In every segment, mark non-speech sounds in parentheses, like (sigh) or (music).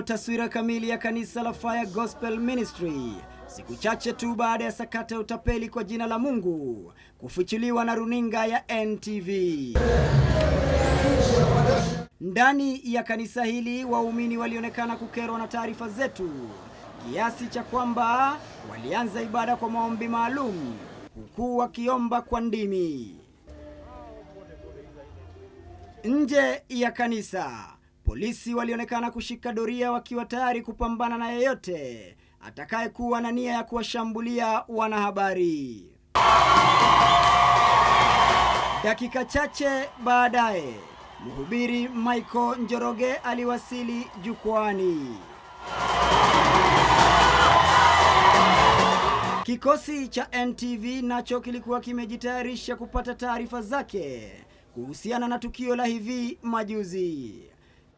Ndiyo taswira kamili ya kanisa la Fire Gospel Ministry, siku chache tu baada ya sakata ya utapeli kwa jina la Mungu kufichuliwa na runinga ya NTV. Ndani ya kanisa hili waumini walionekana kukerwa na taarifa zetu kiasi cha kwamba walianza ibada kwa maombi maalum huku wakiomba kwa ndimi. Nje ya kanisa Polisi walionekana kushika doria wakiwa tayari kupambana na yeyote atakayekuwa na nia ya kuwashambulia wanahabari. Dakika chache baadaye, mhubiri Michael Njoroge aliwasili jukwani. Kikosi cha NTV nacho kilikuwa kimejitayarisha kupata taarifa zake kuhusiana na tukio la hivi majuzi.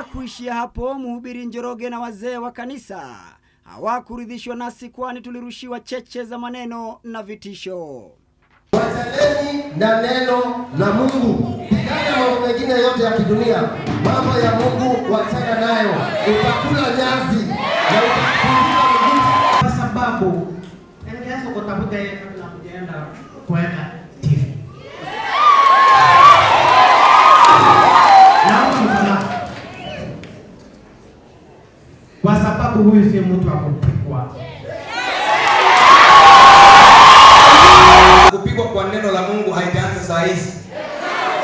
kuishia hapo, mhubiri Njoroge na wazee wa kanisa hawakuridhishwa nasi, kwani tulirushiwa cheche za maneno na vitisho. Wazaleni na neno la Mungu, pigana mambo mengine yote ya kidunia. Mambo ya Mungu wachana nayo, utakula nyasi na utakula kwa sababu endelezo kutafuta yeye kabla kujaenda kuenda huyu si mtu wa kupigwa kwa neno la Mungu haitaanza saa hizi.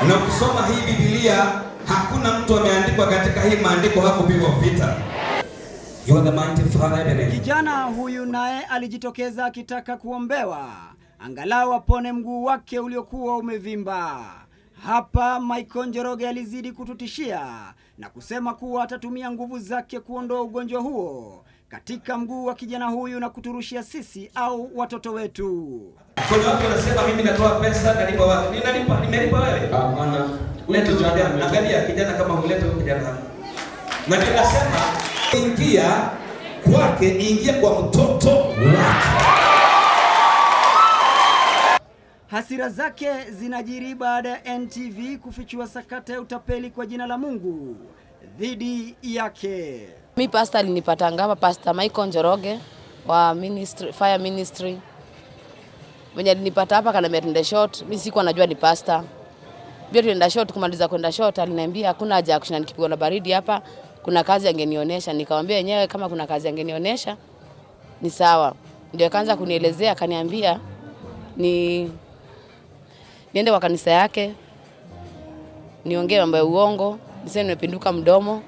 Na ukisoma hii Biblia hakuna mtu ameandikwa katika hii maandiko hakupigwa vita. Kijana huyu naye alijitokeza akitaka kuombewa angalau apone mguu wake uliokuwa umevimba. Hapa Michael Njoroge alizidi kututishia na kusema kuwa atatumia nguvu zake kuondoa ugonjwa huo katika mguu wa kijana huyu na kuturushia sisi au watoto wetu. Kuna watu wanasema mimi natoa pesa nalipa watu. nalipa, nimelipa wewe? Hapana. Leta kijana, angalia kijana kama huleta kijana. Na ninasema ingia kwake, ingia kwa mtoto wake. Hasira zake zinajiri baada ya NTV kufichua sakata ya utapeli kwa jina la Mungu dhidi yake. Mi pasta alinipatanga hapa, Pasta Michael Njoroge wa ministry, fire ministry mwenye alinipata hapa kanambia tuende short. Mi sikuwa najua ni pasta pia, tuenda short. Kumaliza kwenda short, aliniambia hakuna haja ya kushinda nikipigwa na baridi hapa, kuna kazi angenionyesha. Nikamwambia yenyewe kama kuna kazi angenionyesha ni sawa, ndio akaanza kunielezea, akaniambia ni niende kwa kanisa yake niongee mambo ya uongo, niseme nimepinduka mdomo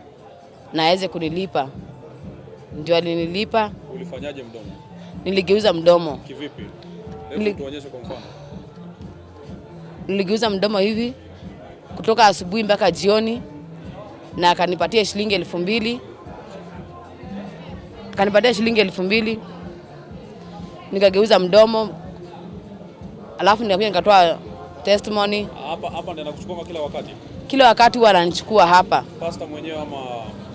na aweze kunilipa. Ndio alinilipa. Ulifanyaje mdomo? Niligeuza mdomo. Kivipi? Hebu tuonyeshe kwa mfano. Niligeuza mdomo hivi kutoka asubuhi mpaka jioni, na akanipatia shilingi elfu mbili akanipatia shilingi elfu mbili nikageuza mdomo, alafu nikakuja nikatoa testimony hapa hapa ndio nakuchukua kila wakati, kila wakati huwa ananichukua hapa. Pastor mwenyewe ama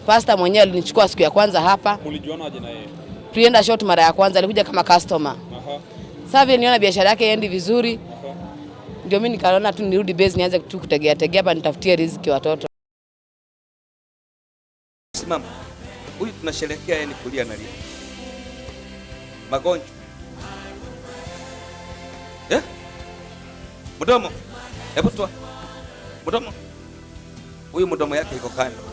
pastor mwenyewe alinichukua siku ya kwanza hapa. Mlijuanaje na yeye? Tulienda short mara ya kwanza, alikuja kama customer. Aha. Sasa vile niona biashara yake iende vizuri, ndio mimi nikaona tu nirudi base nianze tu kutegea tegea hapa nitafutie riziki watoto. Simama. Huyu tunasherehekea yeye ni kulia analia. Magonjwa. Eh? Mdomo. Hebu toa. Mdomo. Huyu mdomo yake iko kando.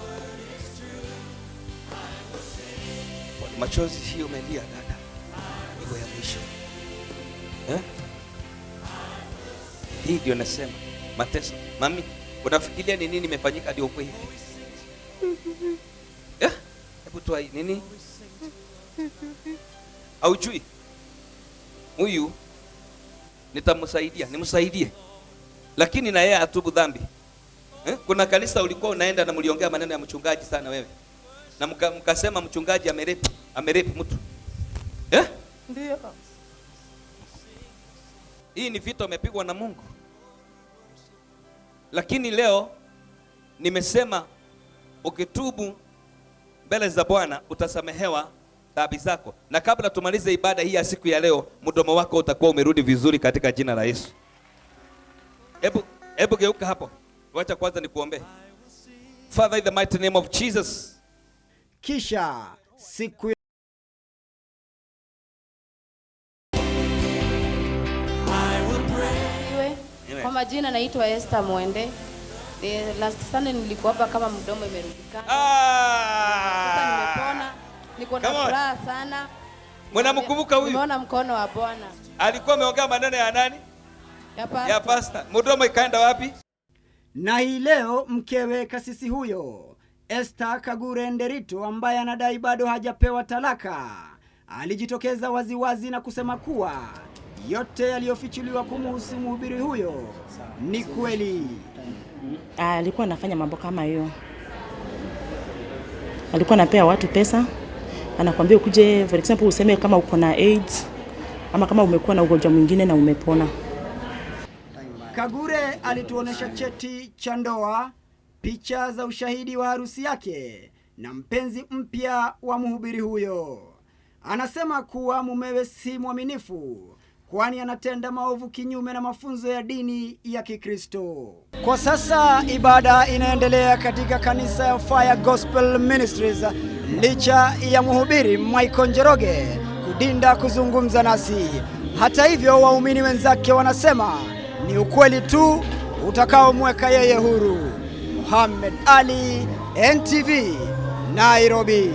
Machozi hiyo umelia dada. Iko ya mwisho. Eh? Hii ndio nasema mateso. Mami, unafikiria ni nini nimefanyika hadi uko hivi? (laughs) Eh? Hebu toa hii nini? Haujui. Huyu nitamsaidia, nimsaidie, lakini na yeye atubu dhambi eh? Kuna kanisa ulikuwa unaenda na mliongea maneno ya mchungaji sana wewe na mka, mkasema mchungaji amerepi amerepi mtu eh? Ndio. Hii ni vita umepigwa na Mungu, lakini leo nimesema ukitubu mbele za Bwana utasamehewa dhambi zako. Na kabla tumalize ibada hii ya siku ya leo, mdomo wako utakuwa umerudi vizuri katika jina la Yesu. Hebu hebu geuka hapo, wacha kwanza nikuombee. Father in the mighty name of Jesus. Kisha siku ya kwa majina naitwa Esther Mwende. Last Sunday nilikuwa hapa kama mdomo imerudika. Ah! niko na furaha sana. Mnamkumbuka huyu? Nimeona mkono wa Bwana. Alikuwa ameongea maneno ya nani? Ya pasta. Ya pasta. Mdomo ikaenda wapi? Na hii leo mkewe kasisi huyo Esther Kagure Nderito ambaye anadai bado hajapewa talaka alijitokeza waziwazi wazi na kusema kuwa yote yaliyofichuliwa kumuhusu mhubiri huyo ni kweli. Ah, alikuwa anafanya mambo kama hiyo, alikuwa anapea watu pesa anakwambia ukuje, for example, useme kama uko na AIDS ama kama umekuwa na ugonjwa mwingine na umepona. Kagure alituonesha cheti cha ndoa, picha za ushahidi wa harusi yake na mpenzi mpya wa mhubiri huyo. Anasema kuwa mumewe si mwaminifu kwani anatenda maovu kinyume na mafunzo ya dini ya Kikristo. Kwa sasa ibada inaendelea katika kanisa ya Fire Gospel Ministries licha ya mhubiri Michael Njoroge kudinda kuzungumza nasi. Hata hivyo, waumini wenzake wanasema ni ukweli tu utakaomweka yeye huru. Muhammad Ali, NTV, Nairobi.